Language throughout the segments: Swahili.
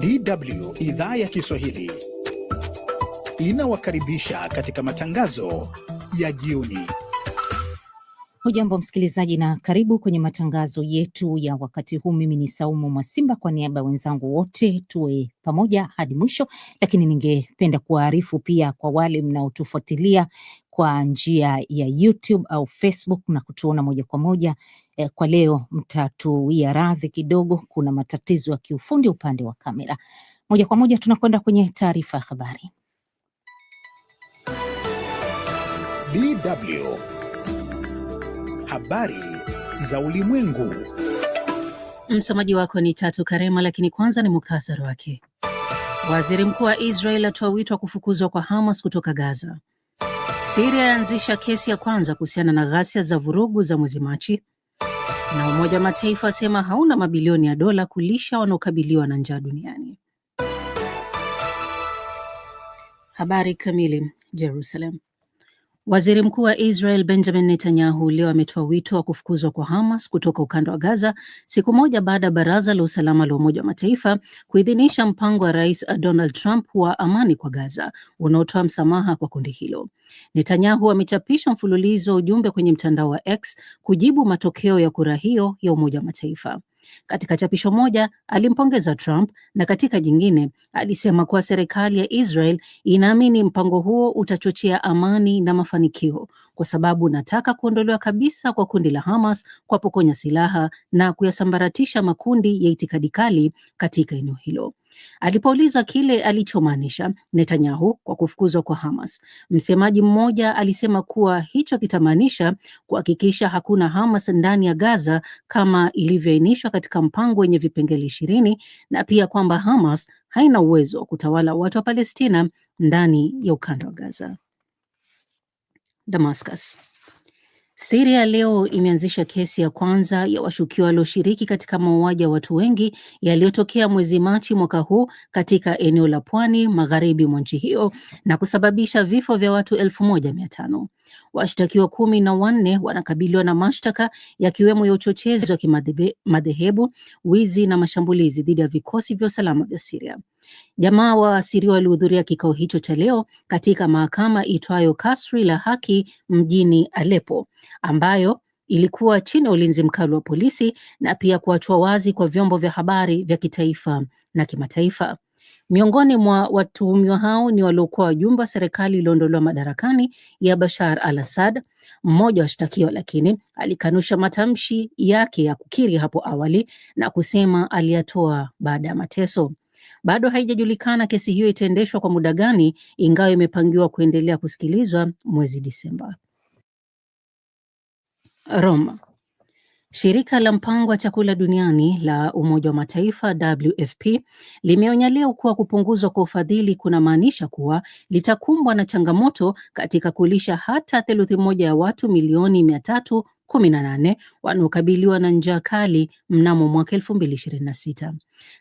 DW idhaa ya Kiswahili inawakaribisha katika matangazo ya jioni. Hujambo msikilizaji, na karibu kwenye matangazo yetu ya wakati huu. Mimi ni Saumu Mwasimba, kwa niaba ya wenzangu wote, tuwe pamoja hadi mwisho. Lakini ningependa kuwaarifu pia kwa wale mnaotufuatilia kwa njia ya YouTube au Facebook na kutuona moja kwa moja eh, kwa leo mtatuwia radhi kidogo, kuna matatizo ya kiufundi upande wa kamera. Moja kwa moja tunakwenda kwenye taarifa ya habari. DW habari za ulimwengu, msomaji wako ni Tatu Karema, lakini kwanza ni muktasari wake. Waziri mkuu wa Israel atoa wito wa kufukuzwa kwa Hamas kutoka Gaza. Siria yaanzisha kesi ya kwanza kuhusiana na ghasia za vurugu za mwezi Machi. Na Umoja wa Mataifa asema hauna mabilioni ya dola kulisha wanaokabiliwa na njaa duniani. Habari kamili. Jerusalem. Waziri Mkuu wa Israel Benjamin Netanyahu leo ametoa wito wa kufukuzwa kwa Hamas kutoka ukanda wa Gaza siku moja baada ya Baraza la Usalama la Umoja wa Mataifa kuidhinisha mpango wa Rais Donald Trump wa amani kwa Gaza unaotoa msamaha kwa kundi hilo. Netanyahu amechapisha mfululizo wa ujumbe kwenye mtandao wa X kujibu matokeo ya kura hiyo ya Umoja wa Mataifa. Katika chapisho moja alimpongeza Trump na katika jingine alisema kuwa serikali ya Israel inaamini mpango huo utachochea amani na mafanikio, kwa sababu nataka kuondolewa kabisa kwa kundi la Hamas, kwa pokonya silaha na kuyasambaratisha makundi ya itikadi kali katika eneo hilo. Alipoulizwa kile alichomaanisha Netanyahu kwa kufukuzwa kwa Hamas, msemaji mmoja alisema kuwa hicho kitamaanisha kuhakikisha hakuna Hamas ndani ya Gaza kama ilivyoainishwa katika mpango wenye vipengele ishirini na pia kwamba Hamas haina uwezo wa kutawala watu wa Palestina ndani ya ukanda wa Gaza. Damascus. Siria leo imeanzisha kesi ya kwanza ya washukiwa walioshiriki katika mauaji ya watu wengi yaliyotokea mwezi Machi mwaka huu katika eneo la pwani magharibi mwa nchi hiyo na kusababisha vifo vya watu elfu moja mia tano. Washtakiwa kumi na wanne wanakabiliwa na mashtaka yakiwemo ya uchochezi wa kimadhehebu, wizi na mashambulizi dhidi ya vikosi vya usalama vya Siria. Jamaa wa waasiriwa walihudhuria kikao hicho cha leo katika mahakama itwayo Kasri la Haki mjini Aleppo ambayo ilikuwa chini ya ulinzi mkali wa polisi na pia kuachwa wazi kwa vyombo vya habari vya kitaifa na kimataifa. Miongoni mwa watuhumiwa hao ni waliokuwa wajumbe wa serikali iliyoondolewa madarakani ya Bashar al-Assad. Mmoja wa washtakiwa lakini alikanusha matamshi yake ya kukiri hapo awali na kusema aliyatoa baada ya mateso. Bado haijajulikana kesi hiyo itaendeshwa kwa muda gani, ingawa imepangiwa kuendelea kusikilizwa mwezi Disemba. Roma. Shirika la mpango wa chakula duniani la Umoja wa Mataifa WFP limeonya leo kuwa kupunguzwa kwa ufadhili kunamaanisha kuwa litakumbwa na changamoto katika kulisha hata theluthi moja ya watu milioni mia tatu kumi na nane wanaokabiliwa na njaa kali mnamo mwaka sita.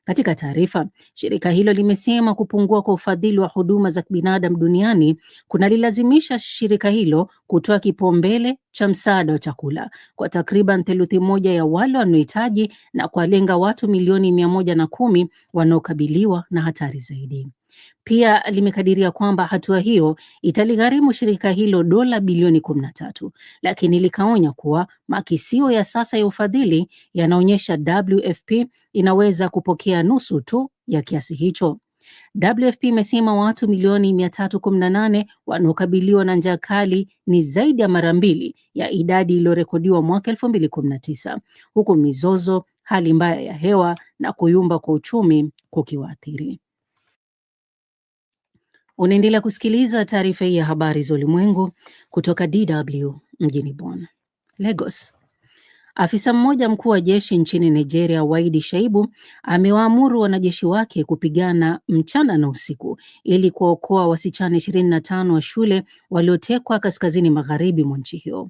Katika taarifa, shirika hilo limesema kupungua kwa ufadhili wa huduma za binadamu duniani kunalilazimisha shirika hilo kutoa kipaumbele cha msaada wa chakula kwa takriban theluthi moja ya wale wanaohitaji na kuwalenga watu milioni mia moja na kumi wanaokabiliwa na hatari zaidi. Pia limekadiria kwamba hatua hiyo italigharimu shirika hilo dola bilioni kumi na tatu lakini likaonya kuwa makisio ya sasa ya ufadhili yanaonyesha WFP inaweza kupokea nusu tu ya kiasi hicho. WFP imesema watu milioni 318 wanaokabiliwa na njaa kali ni zaidi ya mara mbili ya idadi iliyorekodiwa mwaka 2019, huku mizozo, hali mbaya ya hewa na kuyumba kwa uchumi kukiwaathiri. Unaendelea kusikiliza taarifa hii ya habari za ulimwengu kutoka DW mjini Bonn. Lagos. Afisa mmoja mkuu wa jeshi nchini Nigeria, Waidi Shaibu, amewaamuru wanajeshi wake kupigana mchana na usiku ili kuwaokoa wasichana ishirini na tano wa shule waliotekwa kaskazini magharibi mwa nchi hiyo.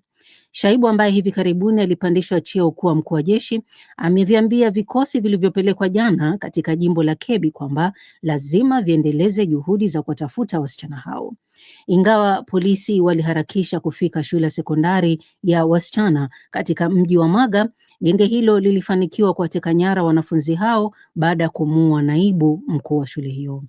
Shaibu ambaye hivi karibuni alipandishwa cheo kuwa mkuu wa jeshi ameviambia vikosi vilivyopelekwa jana katika jimbo la kebi kwamba lazima viendeleze juhudi za kuwatafuta wasichana hao. Ingawa polisi waliharakisha kufika shule ya sekondari ya wasichana katika mji wa Maga, genge hilo lilifanikiwa kuwateka nyara wanafunzi hao baada ya kumuua naibu mkuu wa shule hiyo.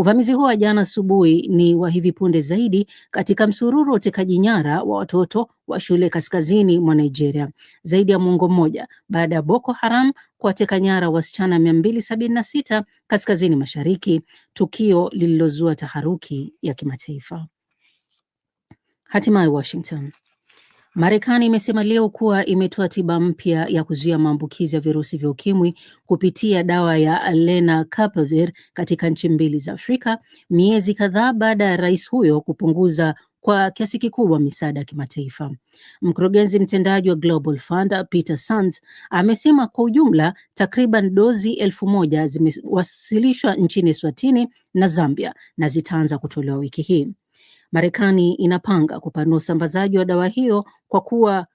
Uvamizi huo wa jana asubuhi ni wa hivi punde zaidi katika msururu wa utekaji nyara wa watoto wa shule kaskazini mwa Nigeria, zaidi ya mwongo mmoja baada ya Boko Haram kuwateka nyara wasichana mia mbili sabini na sita kaskazini mashariki, tukio lililozua taharuki ya kimataifa. Hatimaye Washington Marekani imesema leo kuwa imetoa tiba mpya ya kuzuia maambukizi ya virusi vya ukimwi kupitia dawa ya lenacapavir katika nchi mbili za Afrika, miezi kadhaa baada ya rais huyo kupunguza kwa kiasi kikubwa misaada ya kimataifa. Mkurugenzi mtendaji wa Global Fund Peter Sands amesema kwa ujumla takriban dozi elfu moja zimewasilishwa nchini Swatini na Zambia na zitaanza kutolewa wiki hii. Marekani inapanga kupanua usambazaji wa dawa hiyo kwa kuwa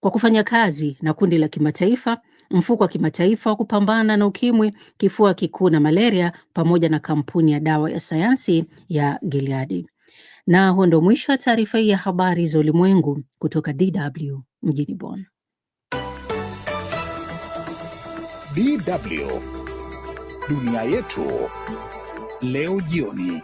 kwa kufanya kazi na kundi la kimataifa, mfuko wa kimataifa wa kupambana na ukimwi, kifua kikuu na malaria, pamoja na kampuni ya dawa ya sayansi ya giliadi Na huo ndo mwisho wa taarifa hii ya habari za ulimwengu kutoka DW mjini Bonn. DW dunia yetu leo jioni.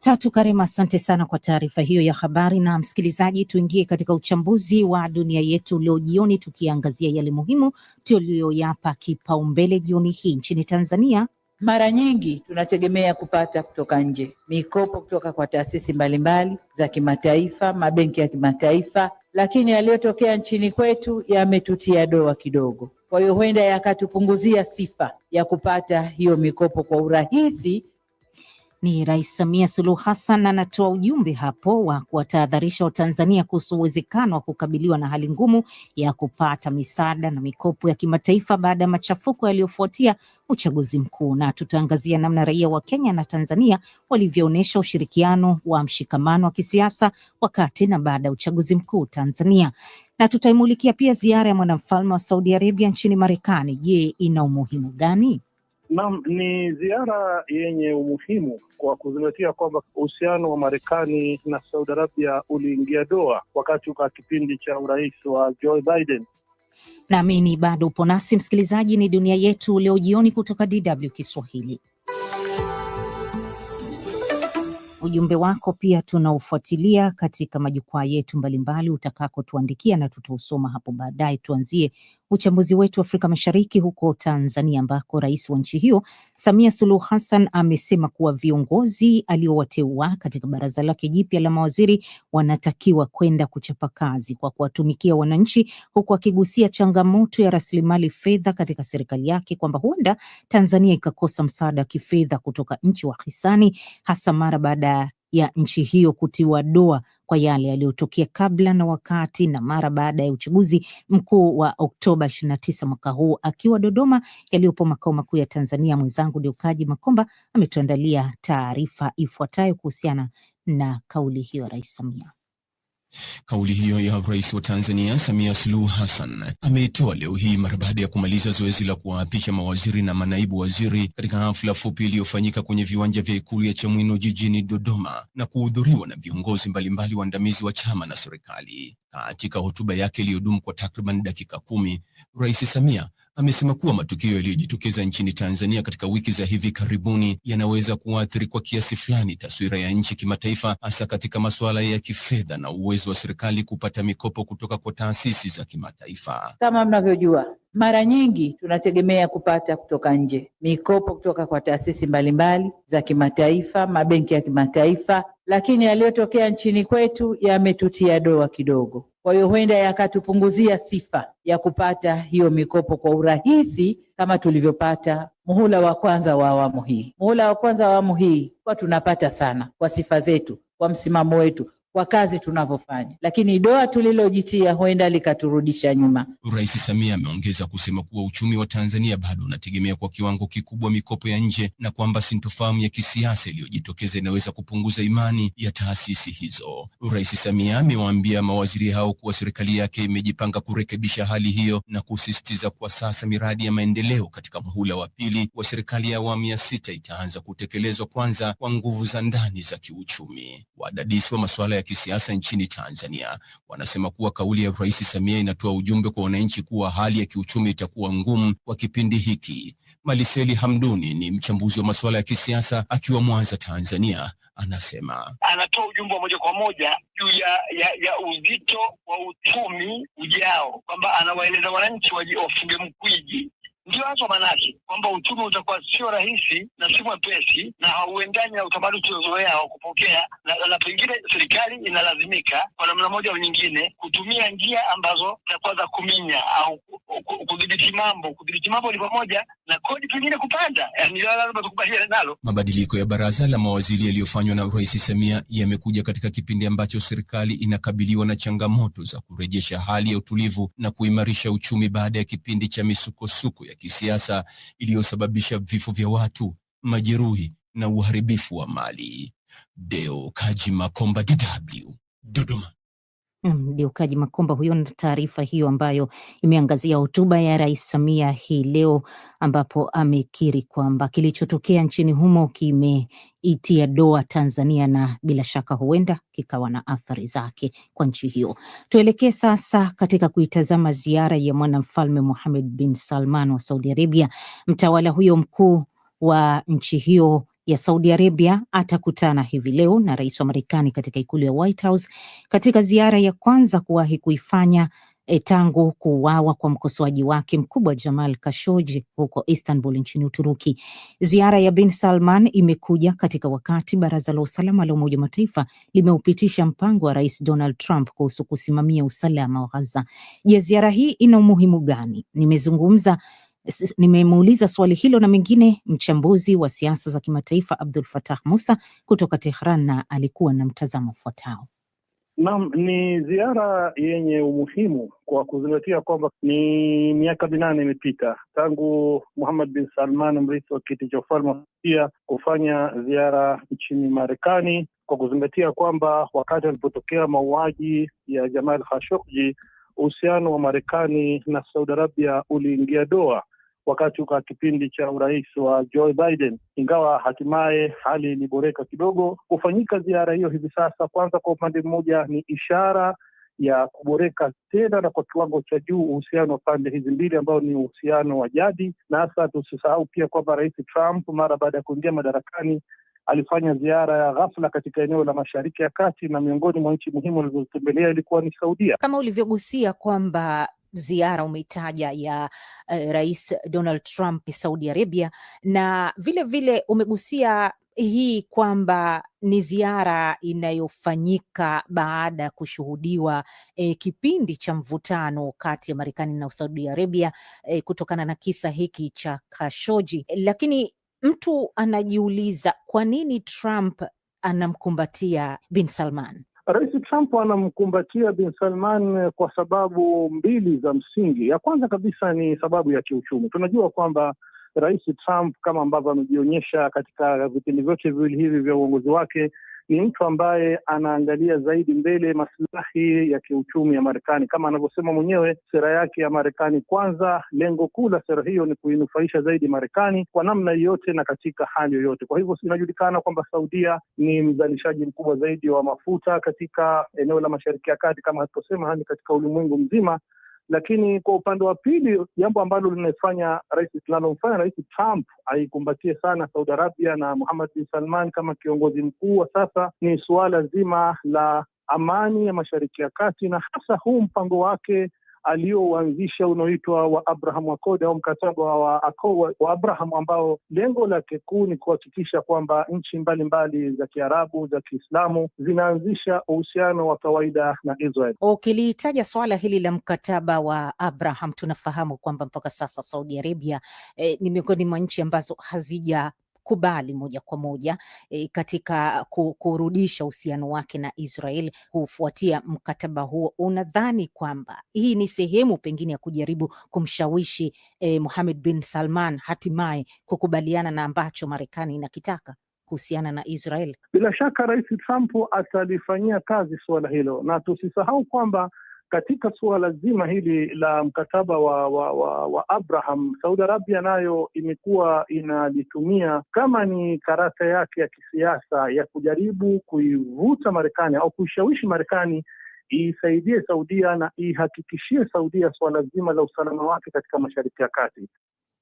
Tatu Karema, asante sana kwa taarifa hiyo ya habari. Na msikilizaji, tuingie katika uchambuzi wa dunia yetu leo jioni, tukiangazia yale muhimu tuliyoyapa kipaumbele jioni hii. Nchini Tanzania, mara nyingi tunategemea kupata kutoka nje mikopo kutoka kwa taasisi mbalimbali za kimataifa, mabenki ya kimataifa, lakini yaliyotokea nchini kwetu yametutia doa kidogo. Kwa hiyo huenda yakatupunguzia sifa ya kupata hiyo mikopo kwa urahisi. Ni Rais Samia Suluhu Hassan anatoa ujumbe hapo wa kuwatahadharisha Watanzania kuhusu uwezekano wa kukabiliwa na hali ngumu ya kupata misaada na mikopo ya kimataifa baada ya machafuko yaliyofuatia uchaguzi mkuu, na tutaangazia namna raia wa Kenya na Tanzania walivyoonyesha ushirikiano wa mshikamano wa kisiasa wakati na baada ya uchaguzi mkuu Tanzania na tutaimulikia pia ziara ya mwanamfalme wa Saudi Arabia nchini Marekani. Je, ina umuhimu gani? Naam, ni ziara yenye umuhimu kwa kuzingatia kwamba uhusiano wa Marekani na Saudi Arabia uliingia doa wakati wa kipindi cha urais wa Joe Biden. Naamini bado upo nasi msikilizaji, ni dunia yetu leo jioni kutoka DW Kiswahili. Ujumbe wako pia tunaufuatilia katika majukwaa yetu mbalimbali tuandikia na tutausoma hapo baadaye. Tuanzie uchambuzi wetu Afrika Mashariki huko Tanzania, ambako rais wa nchi hiyo Samia Suluhu Hassan amesema kuwa viongozi aliowateua katika baraza lake jipya la mawaziri wanatakiwa kwenda kuchapa kazi kwa kuwatumikia wananchi, huku akigusia changamoto ya rasilimali fedha katika serikali yake kwamba huenda Tanzania ikakosa msaada wa kifedha kutoka nchi wahisani, hasa mara baada ya nchi hiyo kutiwa doa kwa yale yaliyotokea kabla na wakati na mara baada ya uchaguzi mkuu wa Oktoba 29 mwaka huu. Akiwa Dodoma yaliyopo makao makuu ya Tanzania, mwenzangu Deukaji Makomba ametuandalia taarifa ifuatayo kuhusiana na kauli hiyo Rais Samia. Kauli hiyo ya Rais wa Tanzania Samia Suluhu Hassan ameitoa leo hii mara baada ya kumaliza zoezi la kuwaapisha mawaziri na manaibu waziri katika hafla fupi iliyofanyika kwenye viwanja vya Ikulu ya Chamwino jijini Dodoma na kuhudhuriwa na viongozi mbalimbali waandamizi wa chama na serikali. Katika hotuba yake iliyodumu kwa takriban dakika kumi, Rais Samia amesema kuwa matukio yaliyojitokeza nchini Tanzania katika wiki za hivi karibuni yanaweza kuathiri kwa kiasi fulani taswira ya nchi kimataifa, hasa katika masuala ya kifedha na uwezo wa serikali kupata mikopo kutoka kwa taasisi za kimataifa. Kama mnavyojua, mara nyingi tunategemea kupata kutoka nje, mikopo kutoka kwa taasisi mbalimbali za kimataifa, mabenki ya kimataifa, lakini yaliyotokea nchini kwetu yametutia doa kidogo. Kwa hiyo huenda yakatupunguzia sifa ya kupata hiyo mikopo kwa urahisi kama tulivyopata muhula wa kwanza wa awamu hii. Muhula wa kwanza wa awamu hii kwa tunapata sana kwa sifa zetu, kwa msimamo wetu kwa kazi tunavyofanya, lakini doa tulilojitia huenda likaturudisha nyuma. Rais Samia ameongeza kusema kuwa uchumi wa Tanzania bado unategemea kwa kiwango kikubwa mikopo ya nje na kwamba sintofahamu ya kisiasa iliyojitokeza inaweza kupunguza imani ya taasisi hizo. Rais Samia amewaambia mawaziri hao kuwa serikali yake imejipanga kurekebisha hali hiyo na kusisitiza kwa sasa miradi ya maendeleo katika muhula wa pili wa serikali ya awamu ya sita itaanza kutekelezwa kwanza kwa nguvu za ndani za kiuchumi. Wadadisi wa masuala ya kisiasa nchini Tanzania. Wanasema kuwa kauli ya Rais Samia inatoa ujumbe kwa wananchi kuwa hali ya kiuchumi itakuwa ngumu kwa kipindi hiki. Maliseli Hamduni ni mchambuzi wa masuala ya kisiasa akiwa Mwanza, Tanzania. Anasema anatoa ujumbe wa moja kwa moja juu ya, ya, ya uzito wa uchumi ujao, kwamba anawaeleza wananchi wafunge mkwiji ndio hapo manake kwamba uchumi utakuwa sio rahisi na si mwepesi na hauendani na utamaduni tuliozoea wa kupokea, na, na pengine serikali inalazimika kwa namna moja au nyingine kutumia njia ambazo zitakuwa za kuminya au kudhibiti mambo. Kudhibiti mambo ni pamoja na kodi pengine kupanda, yani lazima tukubaliane nalo. Mabadiliko ya baraza la mawaziri yaliyofanywa na Rais Samia yamekuja katika kipindi ambacho serikali inakabiliwa na changamoto za kurejesha hali ya utulivu na kuimarisha uchumi baada ya kipindi cha misukosuko ya kisiasa iliyosababisha vifo vya watu, majeruhi na uharibifu wa mali. Deo Kaji Makomba, DW, Dodoma. Ndio Kaji Makomba huyo na taarifa hiyo ambayo imeangazia hotuba ya Rais Samia hii leo ambapo amekiri kwamba kilichotokea nchini humo kime itia doa Tanzania na bila shaka huenda kikawa na athari zake kwa nchi hiyo. Tuelekee sasa katika kuitazama ziara ya mwanamfalme Mohammed bin Salman wa Saudi Arabia. Mtawala huyo mkuu wa nchi hiyo ya Saudi Arabia atakutana hivi leo na rais wa Marekani katika ikulu ya White House katika ziara ya kwanza kuwahi kuifanya E, tangu kuuawa kwa mkosoaji wake mkubwa Jamal Kashoji huko Istanbul nchini Uturuki. Ziara ya Bin Salman imekuja katika wakati Baraza la Usalama la Umoja wa Mataifa limeupitisha mpango wa Rais Donald Trump kuhusu kusimamia usalama wa ghaza Je, ziara hii ina umuhimu gani? Nimezungumza nimemuuliza swali hilo na mengine mchambuzi wa siasa za kimataifa Abdul Fatah Musa kutoka Tehran, na alikuwa na mtazamo ufuatao. Naam, ni ziara yenye umuhimu kwa kuzingatia kwamba ni miaka minane imepita tangu Muhammad bin Salman, mrithi wa kiti cha ufalme wa kufanya ziara nchini Marekani, kwa kuzingatia kwamba wakati alipotokea mauaji ya Jamal Khashoggi, uhusiano wa Marekani na Saudi Arabia uliingia doa wakati wa kipindi cha urais wa Joe Biden, ingawa hatimaye hali iliboreka kidogo. Kufanyika ziara hiyo hivi sasa, kwanza, kwa upande mmoja ni ishara ya kuboreka tena na kwa kiwango cha juu uhusiano wa pande hizi mbili ambao ni uhusiano wa jadi, na hasa tusisahau pia kwamba Rais Trump mara baada ya kuingia madarakani alifanya ziara ya ghafla katika eneo la Mashariki ya Kati na miongoni mwa nchi muhimu alizozitembelea ilikuwa ni Saudia. Kama ulivyogusia kwamba ziara umeitaja ya uh, Rais Donald Trump Saudi Arabia, na vile vile umegusia hii kwamba ni ziara inayofanyika baada ya kushuhudiwa e, kipindi cha mvutano kati ya Marekani na Saudi Arabia e, kutokana na kisa hiki cha kashoji Lakini mtu anajiuliza kwa nini Trump anamkumbatia bin Salman? Rais Trump anamkumbatia Bin Salman kwa sababu mbili za msingi. Ya kwanza kabisa ni sababu ya kiuchumi. Tunajua kwamba Rais Trump kama ambavyo amejionyesha katika vipindi vyote viwili hivi vya uongozi wake ni mtu ambaye anaangalia zaidi mbele masilahi ya kiuchumi ya Marekani, kama anavyosema mwenyewe sera yake ya Marekani kwanza. Lengo kuu la sera hiyo ni kuinufaisha zaidi Marekani kwa namna yoyote na katika hali yoyote. Kwa hivyo inajulikana kwamba Saudia ni mzalishaji mkubwa zaidi wa mafuta katika eneo la Mashariki ya Kati, kama alivyosema, hadi yaani katika ulimwengu mzima lakini kwa upande wa pili, jambo ambalo linalofanya rais linalomfanya rais Trump aikumbatie sana Saudi Arabia na muhamad bin Salman kama kiongozi mkuu wa sasa ni suala zima la amani ya Mashariki ya Kati na hasa huu mpango wake aliyouanzisha unaoitwa wa Abraham Accord au mkataba wa, wa Abraham ambao lengo lake kuu ni kuhakikisha kwamba nchi mbalimbali za Kiarabu za Kiislamu zinaanzisha uhusiano wa kawaida na Israel. Ukilitaja swala hili la mkataba wa Abraham, tunafahamu kwamba mpaka sasa Saudi Arabia eh, ni miongoni mwa nchi ambazo hazija kubali moja kwa moja e, katika uh, kurudisha uhusiano wake na Israel kufuatia mkataba huo. Unadhani kwamba hii ni sehemu pengine ya kujaribu kumshawishi e, Mohammed bin Salman hatimaye kukubaliana na ambacho Marekani inakitaka kuhusiana na Israel? Bila shaka Rais Trump atalifanyia kazi suala hilo, na tusisahau kwamba katika suala zima hili la mkataba wa, wa, wa, wa Abraham, Saudi Arabia nayo imekuwa inalitumia kama ni karata yake ya kisiasa ya kujaribu kuivuta Marekani au kuishawishi Marekani iisaidie Saudia na ihakikishie Saudia suala zima la usalama wake katika Mashariki ya Kati.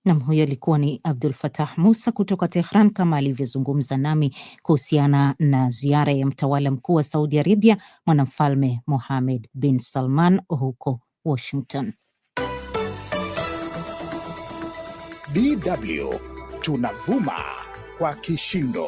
Nam, huyo alikuwa ni Abdul Fatah Musa kutoka Tehran, kama alivyozungumza nami kuhusiana na ziara ya mtawala mkuu wa Saudi Arabia, mwanamfalme Mohammed bin Salman huko Washington. DW tunavuma kwa kishindo.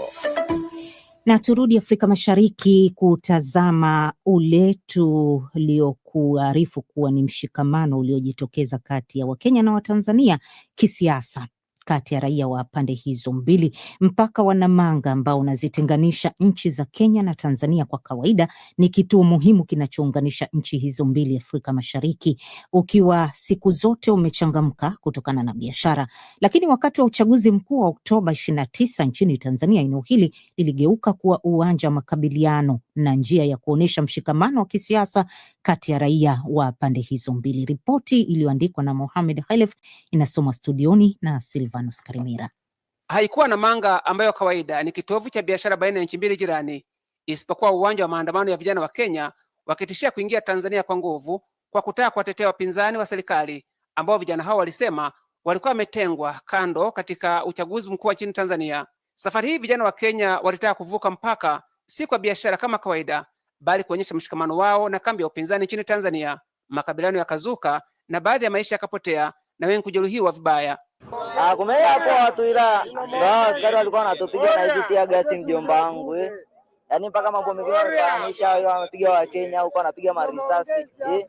Na turudi Afrika Mashariki kutazama ule tuliokuarifu kuwa ni mshikamano uliojitokeza kati ya Wakenya na Watanzania kisiasa kati ya raia wa pande hizo mbili. Mpaka wa Namanga ambao unazitenganisha nchi za Kenya na Tanzania kwa kawaida ni kituo muhimu kinachounganisha nchi hizo mbili Afrika Mashariki, ukiwa siku zote umechangamka kutokana na biashara. Lakini wakati wa uchaguzi mkuu wa Oktoba ishirini na tisa nchini Tanzania, eneo hili liligeuka kuwa uwanja wa makabiliano na njia ya kuonyesha mshikamano wa kisiasa kati ya raia wa pande hizo mbili. Ripoti iliyoandikwa na Mohamed Khalef inasoma studioni na Silvia. Silvanus Karimira. Haikuwa na manga ambayo kawaida ni kitovu cha biashara baina ya nchi mbili jirani, isipokuwa uwanja wa maandamano ya vijana wa Kenya wakitishia kuingia Tanzania kwa nguvu kwa kutaka kuwatetea wapinzani wa serikali ambao vijana hao walisema walikuwa wametengwa kando katika uchaguzi mkuu wa nchini Tanzania. Safari hii vijana wa Kenya walitaka kuvuka mpaka, si kwa biashara kama kawaida, bali kuonyesha mshikamano wao na kambi ya upinzani nchini Tanzania. Makabiliano yakazuka na baadhi ya maisha yakapotea, na wengi kujeruhiwa vibaya. Ah, kumbe hapo watu ila ndio askari walikuwa wanatupiga na hizo tia gasi, mjomba wangu eh, yaani mpaka mambo mengine yanaanisha wamepiga wa Kenya huko wanapiga marisasi eh,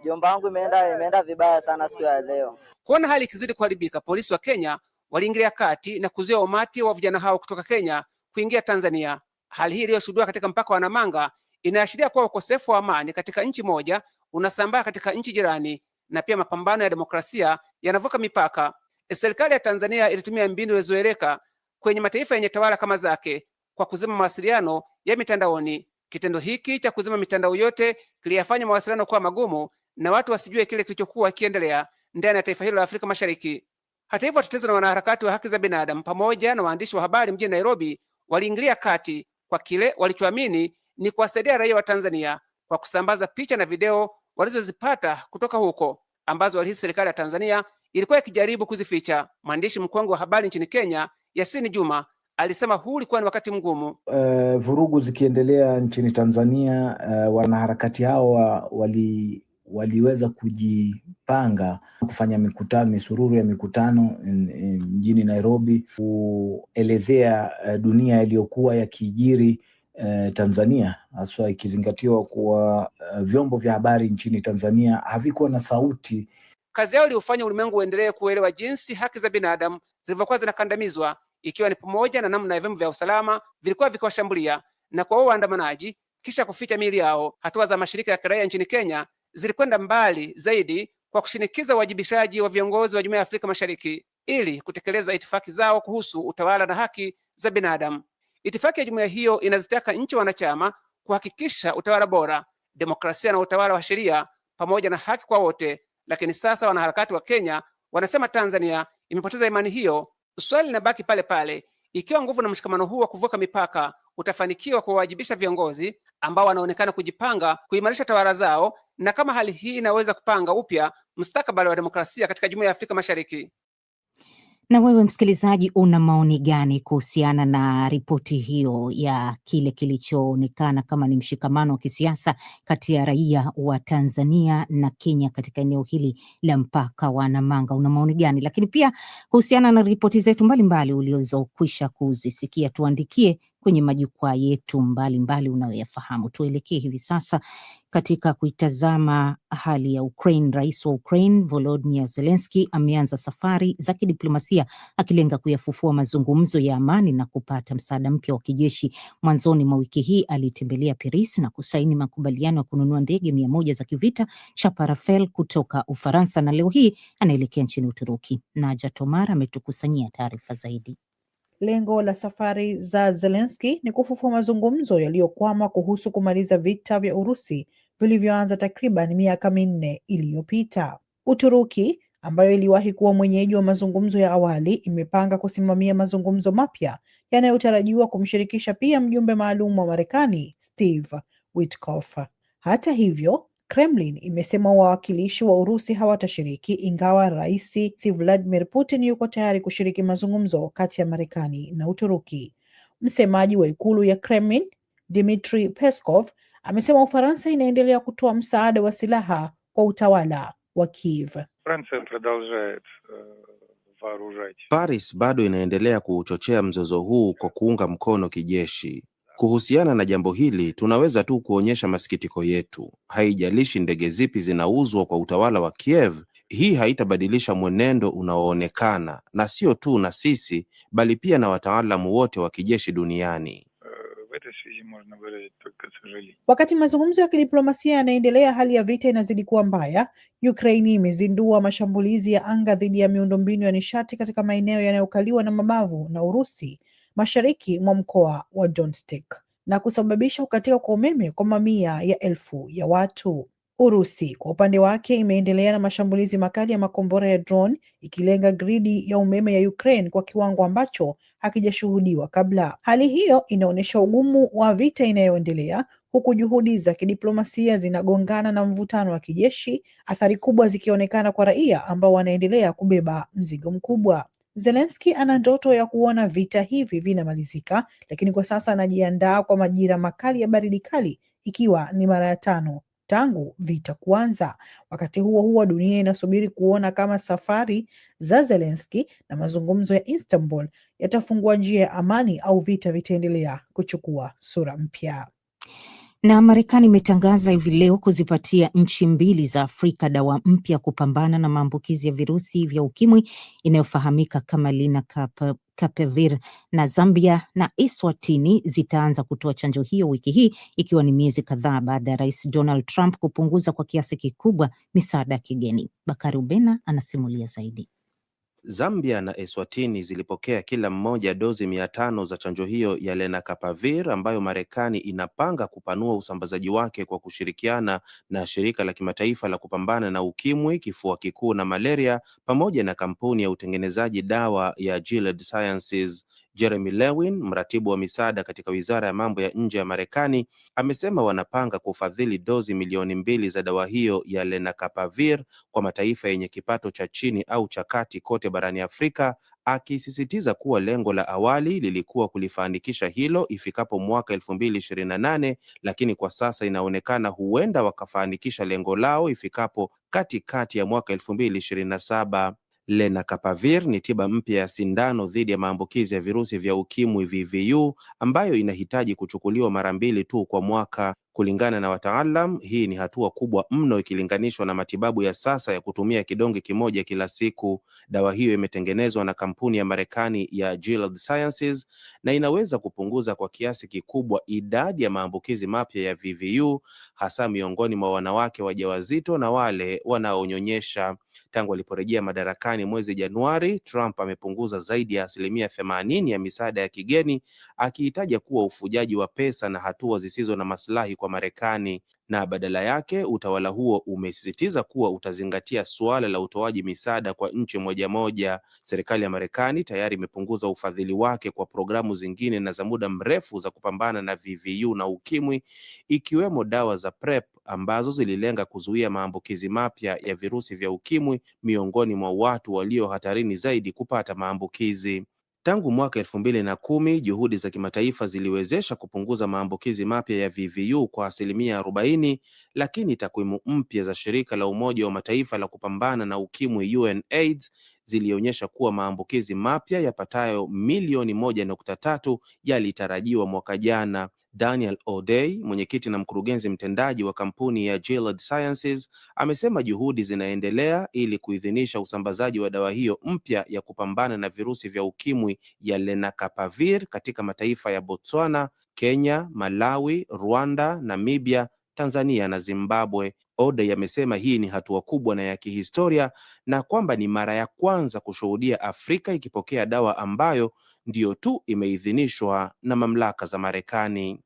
mjomba wangu, imeenda imeenda vibaya sana siku ya leo. Kuona hali ikizidi kuharibika, polisi wa Kenya waliingilia kati na kuzuia umati wa vijana hao kutoka Kenya kuingia Tanzania. Hali hii iliyoshuhudiwa katika mpaka wa Namanga inaashiria kuwa ukosefu wa amani katika nchi moja unasambaa katika nchi jirani na pia mapambano ya demokrasia yanavuka mipaka. Serikali ya Tanzania ilitumia mbinu ilizoeleka kwenye mataifa yenye tawala kama zake kwa kuzima mawasiliano ya mitandaoni. Kitendo hiki cha kuzima mitandao yote kiliyafanya mawasiliano kuwa magumu na watu wasijue kile kilichokuwa kiendelea ndani ya taifa hilo la Afrika Mashariki. Hata hivyo, watetezi na wanaharakati wa haki za binadamu pamoja na waandishi wa habari mjini Nairobi waliingilia kati kwa kile walichoamini ni kuwasaidia raia wa Tanzania kwa kusambaza picha na video walizozipata kutoka huko ambazo walihisi serikali ya Tanzania ilikuwa ikijaribu kuzificha. Mwandishi mkongwe wa habari nchini Kenya, Yasini Juma, alisema huu ulikuwa ni wakati mgumu. Uh, vurugu zikiendelea nchini Tanzania, uh, wanaharakati hao wali waliweza kujipanga kufanya mikutano, misururu ya mikutano eh, mjini Nairobi kuelezea dunia yaliyokuwa yakijiri eh, Tanzania haswa ikizingatiwa kuwa eh, vyombo vya habari nchini Tanzania havikuwa na sauti. Kazi yao iliyofanya ulimwengu uendelee kuelewa jinsi haki za binadamu zilivyokuwa zinakandamizwa, ikiwa ni pamoja na namna vyombo vya usalama vilikuwa vikiwashambulia na kuwaua waandamanaji kisha kuficha miili yao. Hatua za mashirika ya kiraia nchini Kenya zilikwenda mbali zaidi kwa kushinikiza uwajibishaji wa viongozi wa Jumuiya ya Afrika Mashariki ili kutekeleza itifaki zao kuhusu utawala na haki za binadamu. Itifaki ya jumuiya hiyo inazitaka nchi wanachama kuhakikisha utawala bora, demokrasia na utawala wa sheria pamoja na haki kwa wote, lakini sasa wanaharakati wa Kenya wanasema Tanzania imepoteza imani hiyo. Swali linabaki pale pale, ikiwa nguvu na mshikamano huu wa kuvuka mipaka utafanikiwa kuwawajibisha viongozi ambao wanaonekana kujipanga kuimarisha tawala zao na kama hali hii inaweza kupanga upya mustakabali wa demokrasia katika jumuiya ya Afrika Mashariki. Na wewe msikilizaji, una maoni gani kuhusiana na ripoti hiyo ya kile kilichoonekana kama ni mshikamano wa kisiasa kati ya raia wa Tanzania na Kenya katika eneo hili la mpaka wa Namanga? Una maoni gani? Lakini pia kuhusiana na ripoti zetu mbalimbali ulizokwisha kuzisikia, tuandikie kwenye majukwaa yetu mbalimbali unayoyafahamu. Tuelekee hivi sasa katika kuitazama hali ya Ukraine. Rais wa Ukraine Volodymyr Zelensky ameanza safari za kidiplomasia akilenga kuyafufua mazungumzo ya amani na kupata msaada mpya wa kijeshi. Mwanzoni mwa wiki hii alitembelea Paris na kusaini makubaliano ya kununua ndege mia moja za kivita chapa kutoka Ufaransa, na leo hii anaelekea nchini Uturuki. Naja tomar ametukusanyia taarifa zaidi. Lengo la safari za Zelensky ni kufufua mazungumzo yaliyokwama kuhusu kumaliza vita vya Urusi vilivyoanza takriban miaka minne iliyopita. Uturuki ambayo iliwahi kuwa mwenyeji wa mazungumzo ya awali imepanga kusimamia mazungumzo mapya yanayotarajiwa kumshirikisha pia mjumbe maalum wa Marekani Steve Witkoff. Hata hivyo, Kremlin imesema wawakilishi wa Urusi hawatashiriki ingawa Rais Vladimir Putin yuko tayari kushiriki mazungumzo kati ya Marekani na Uturuki. Msemaji wa ikulu ya Kremlin, Dmitry Peskov, amesema Ufaransa inaendelea kutoa msaada wa silaha kwa utawala wa Kiev. Э, Paris bado inaendelea kuuchochea mzozo huu kwa kuunga mkono kijeshi. Kuhusiana na jambo hili, tunaweza tu kuonyesha masikitiko yetu. Haijalishi ndege zipi zinauzwa kwa utawala wa Kiev, hii haitabadilisha mwenendo unaoonekana, na sio tu na sisi, bali pia na wataalamu wote wa kijeshi duniani. Wakati mazungumzo ya kidiplomasia yanaendelea, hali ya vita inazidi kuwa mbaya. Ukraini imezindua mashambulizi ya anga dhidi ya miundombinu ya nishati katika maeneo yanayokaliwa na mabavu na Urusi mashariki mwa mkoa wa Donetsk na kusababisha kukatika kwa umeme kwa mamia ya elfu ya watu. Urusi kwa upande wake imeendelea na mashambulizi makali ya makombora ya drone ikilenga gridi ya umeme ya Ukraine kwa kiwango ambacho hakijashuhudiwa kabla. Hali hiyo inaonyesha ugumu wa vita inayoendelea huku juhudi za kidiplomasia zinagongana na mvutano wa kijeshi, athari kubwa zikionekana kwa raia ambao wanaendelea kubeba mzigo mkubwa zelenski ana ndoto ya kuona vita hivi vinamalizika, lakini kwa sasa anajiandaa kwa majira makali ya baridi kali, ikiwa ni mara ya tano tangu vita kuanza. Wakati huo huo, dunia inasubiri kuona kama safari za zelenski na mazungumzo ya Istanbul yatafungua njia ya amani au vita vitaendelea kuchukua sura mpya. Na Marekani imetangaza hivi leo kuzipatia nchi mbili za Afrika dawa mpya kupambana na maambukizi ya virusi vya ukimwi inayofahamika kama Lenacapavir Kapevir na Zambia na Eswatini zitaanza kutoa chanjo hiyo wiki hii ikiwa ni miezi kadhaa baada ya Rais Donald Trump kupunguza kwa kiasi kikubwa misaada ya kigeni. Bakari Ubena anasimulia zaidi. Zambia na Eswatini zilipokea kila mmoja dozi mia tano za chanjo hiyo ya Lenacapavir ambayo Marekani inapanga kupanua usambazaji wake kwa kushirikiana na shirika la kimataifa la kupambana na ukimwi, kifua kikuu na malaria pamoja na kampuni ya utengenezaji dawa ya Gilead Sciences. Jeremy Lewin, mratibu wa misaada katika wizara ya mambo ya nje ya Marekani, amesema wanapanga kufadhili dozi milioni mbili za dawa hiyo ya lenacapavir kwa mataifa yenye kipato cha chini au cha kati kote barani Afrika, akisisitiza kuwa lengo la awali lilikuwa kulifanikisha hilo ifikapo mwaka elfu mbili ishirini na nane, lakini kwa sasa inaonekana huenda wakafanikisha lengo lao ifikapo katikati ya mwaka elfu mbili ishirini na saba. Lenacapavir ni tiba mpya ya sindano dhidi ya maambukizi ya virusi vya ukimwi VVU ambayo inahitaji kuchukuliwa mara mbili tu kwa mwaka Kulingana na wataalam, hii ni hatua kubwa mno ikilinganishwa na matibabu ya sasa ya kutumia kidonge kimoja kila siku. Dawa hiyo imetengenezwa na kampuni ya Marekani ya Gilead Sciences na inaweza kupunguza kwa kiasi kikubwa idadi ya maambukizi mapya ya VVU hasa miongoni mwa wanawake wajawazito na wale wanaonyonyesha. Tangu aliporejea madarakani mwezi Januari, Trump amepunguza zaidi ya asilimia themanini ya misaada ya kigeni, akiitaja kuwa ufujaji wa pesa na hatua zisizo na maslahi kwa Marekani na badala yake utawala huo umesisitiza kuwa utazingatia suala la utoaji misaada kwa nchi moja moja. Serikali ya Marekani tayari imepunguza ufadhili wake kwa programu zingine na za muda mrefu za kupambana na VVU na ukimwi, ikiwemo dawa za PrEP ambazo zililenga kuzuia maambukizi mapya ya virusi vya ukimwi miongoni mwa watu walio hatarini zaidi kupata maambukizi. Tangu mwaka elfu mbili na kumi juhudi za kimataifa ziliwezesha kupunguza maambukizi mapya ya VVU kwa asilimia arobaini, lakini takwimu mpya za shirika la Umoja wa Mataifa la kupambana na ukimwi UNAIDS zilionyesha kuwa maambukizi mapya yapatayo milioni moja nukta tatu yalitarajiwa mwaka jana Daniel O'Day, mwenyekiti na mkurugenzi mtendaji wa kampuni ya Gilead Sciences, amesema juhudi zinaendelea ili kuidhinisha usambazaji wa dawa hiyo mpya ya kupambana na virusi vya ukimwi ya Lenacapavir katika mataifa ya Botswana, Kenya, Malawi, Rwanda, Namibia, Tanzania na Zimbabwe. Oda amesema hii ni hatua kubwa na ya kihistoria na kwamba ni mara ya kwanza kushuhudia Afrika ikipokea dawa ambayo ndiyo tu imeidhinishwa na mamlaka za Marekani.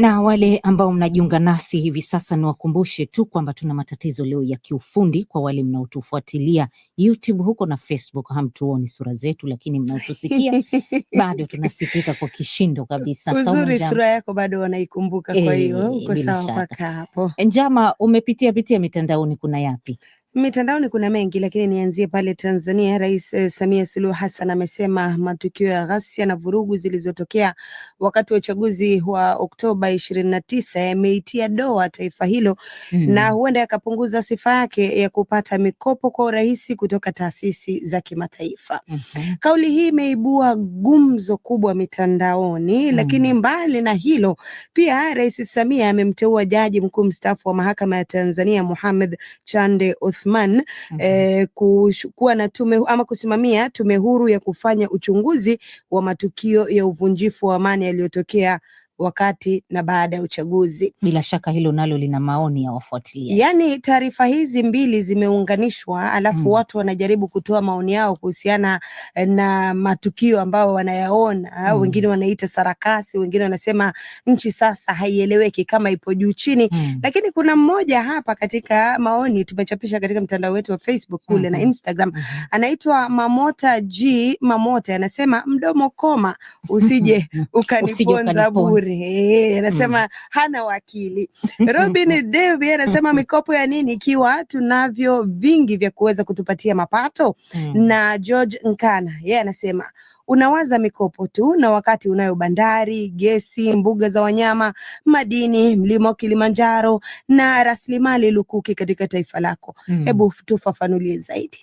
Na wale ambao mnajiunga nasi hivi sasa, niwakumbushe tu kwamba tuna matatizo leo ya kiufundi. Kwa wale mnaotufuatilia YouTube huko na Facebook, hamtuoni sura zetu, lakini mnaotusikia bado tunasikika kwa kishindo kabisa. Uzuri sura yako bado wanaikumbuka, kwa eh, hiyo uko sawa mpaka hapo. Njama, umepitia pitia mitandaoni, kuna yapi? Mitandaoni kuna mengi, lakini nianzie pale Tanzania. Rais eh, Samia Suluhu Hassan amesema matukio ya ghasia na vurugu zilizotokea wakati wa uchaguzi wa Oktoba ishirini na tisa yameitia doa taifa hilo mm, na huenda yakapunguza sifa yake ya kupata mikopo kwa urahisi kutoka taasisi za kimataifa mm -hmm. Kauli hii imeibua gumzo kubwa mitandaoni mm, lakini mbali na hilo pia Rais Samia amemteua jaji mkuu mstaafu wa mahakama ya Tanzania Mohamed Chande Othman Uthman mm -hmm. eh, kuwa na tume ama kusimamia tume huru ya kufanya uchunguzi wa matukio ya uvunjifu wa amani yaliyotokea wakati na baada ya uchaguzi. Bila shaka hilo nalo lina maoni ya wafuatiliaji. Yaani taarifa hizi mbili zimeunganishwa, alafu mm. watu wanajaribu kutoa maoni yao kuhusiana eh, na matukio ambao wanayaona mm. wengine wanaita sarakasi, wengine wanasema nchi sasa haieleweki kama ipo juu chini mm. lakini kuna mmoja hapa katika maoni tumechapisha katika mtandao wetu wa Facebook kule mm. na mm-hmm. Instagram mm-hmm. anaitwa Mamota G Mamota, anasema mdomo koma, usije ukaniponza bure Kazi ee, anasema mm. hana wakili. Robin Devi anasema mikopo ya nini ikiwa tunavyo vingi vya kuweza kutupatia mapato mm. na George Nkana yeye yeah, anasema unawaza mikopo tu na wakati unayo bandari, gesi, mbuga za wanyama, madini, mlima wa Kilimanjaro na rasilimali lukuki katika taifa lako. Hmm. Hebu tufafanulie zaidi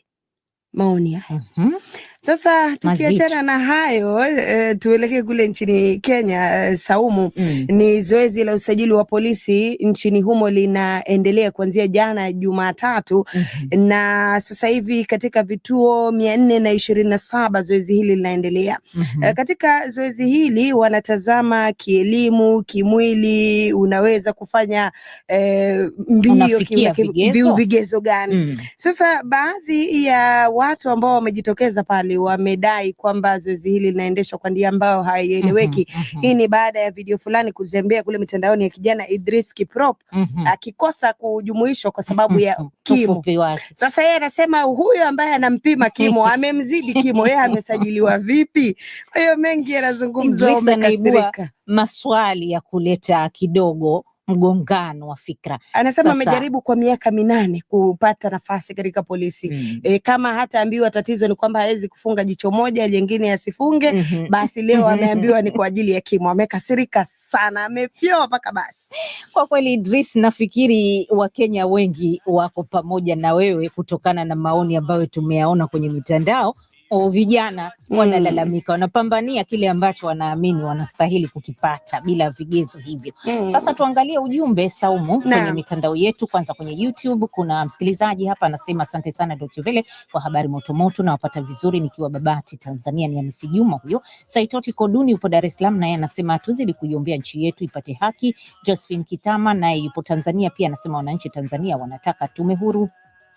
maoni haya mm -hmm. Sasa tukiachana na hayo e, tuelekee kule nchini Kenya e, Saumu mm. Ni zoezi la usajili wa polisi nchini humo linaendelea kuanzia jana Jumatatu mm -hmm. na sasa hivi katika vituo mia nne na ishirini na saba zoezi hili linaendelea mm -hmm. E, katika zoezi hili wanatazama kielimu, kimwili, unaweza kufanya e, mbio vigezo gani mm. Sasa baadhi ya watu ambao wamejitokeza pale wamedai kwamba zoezi hili linaendeshwa kwa njia ambayo haieleweki. mm -hmm, mm -hmm. Hii ni baada ya video fulani kuzembea kule mitandaoni ya kijana Idris Kiprop mm -hmm. akikosa kujumuishwa kwa sababu ya mhm. kimo. Sasa yeye anasema huyu ambaye anampima kimo amemzidi kimo, yeye amesajiliwa vipi? Kwa hiyo mengi yanazungumzwa, maswali ya kuleta kidogo mgongano wa fikra. Anasema amejaribu kwa miaka minane kupata nafasi katika polisi mm. E, kama hataambiwa tatizo ni kwamba hawezi kufunga jicho moja jengine asifunge mm -hmm. Basi leo mhm. ameambiwa ni kwa ajili ya kimo, amekasirika sana, amefyoa mpaka basi. Kwa kweli Idris, nafikiri Wakenya wengi wako pamoja na wewe kutokana na maoni ambayo tumeyaona kwenye mitandao o vijana wanalalamika, mm. wanapambania kile ambacho wanaamini wanastahili kukipata bila vigezo hivyo. Mm. Sasa tuangalie ujumbe Saumu na kwenye mitandao yetu. Kwanza kwenye YouTube kuna msikilizaji hapa anasema, asante sana Deutsche kwa habari motomoto, nawapata vizuri nikiwa Babati, Tanzania. Ni Hamisi Juma huyo. Saitoti Koduni yupo Dar es Salaam, naye anasema tuzidi kuiombea nchi yetu ipate haki. Josephine Kitama naye yupo Tanzania pia anasema wananchi Tanzania wanataka tume huru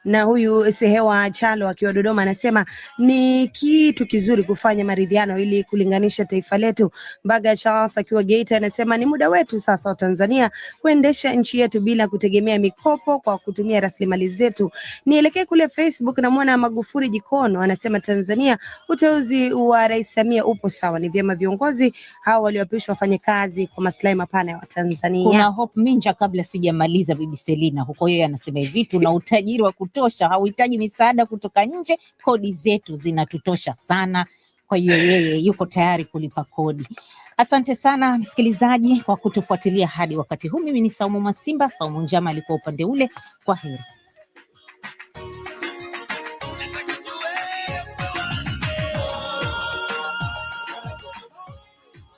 na huyu Sehewa Chalo akiwa Dodoma anasema ni kitu kizuri kufanya maridhiano ili kulinganisha taifa letu. Mbaga Charles akiwa Geita anasema ni muda wetu sasa wa Tanzania kuendesha nchi yetu bila kutegemea mikopo kwa kutumia rasilimali zetu. Nielekee kule Facebook, namwona Magufuri Jikono anasema Tanzania, uteuzi wa Rais Samia upo sawa, ni vyema viongozi hao walioapishwa wafanye kazi kwa maslahi mapana ya Watanzania. Kuna Hope Minja, kabla sijamaliza, Bibi Selina huko, yeye anasema hivi, tuna utajiri wa kutosha, hauhitaji misaada kutoka nje, kodi zetu zinatutosha sana. Kwa hiyo yeye yuko tayari kulipa kodi. Asante sana msikilizaji kwa kutufuatilia hadi wakati huu. Mimi ni Saumu Masimba, Saumu Njama alikuwa upande ule. Kwa heri.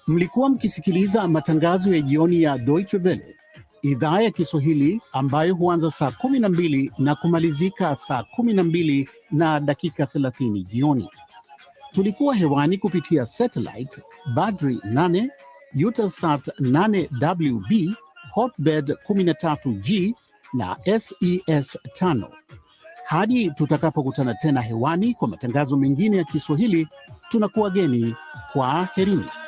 Mlikuwa mkisikiliza matangazo ya jioni ya Deutsche Welle idhaa ya Kiswahili ambayo huanza saa kumi na mbili na kumalizika saa kumi na mbili na dakika thelathini jioni. Tulikuwa hewani kupitia satellite Badri 8 Eutelsat 8 WB Hotbird 13G na SES 5. E Hadi tutakapokutana tena hewani kwa matangazo mengine ya Kiswahili, tunakuwa geni kwa herini.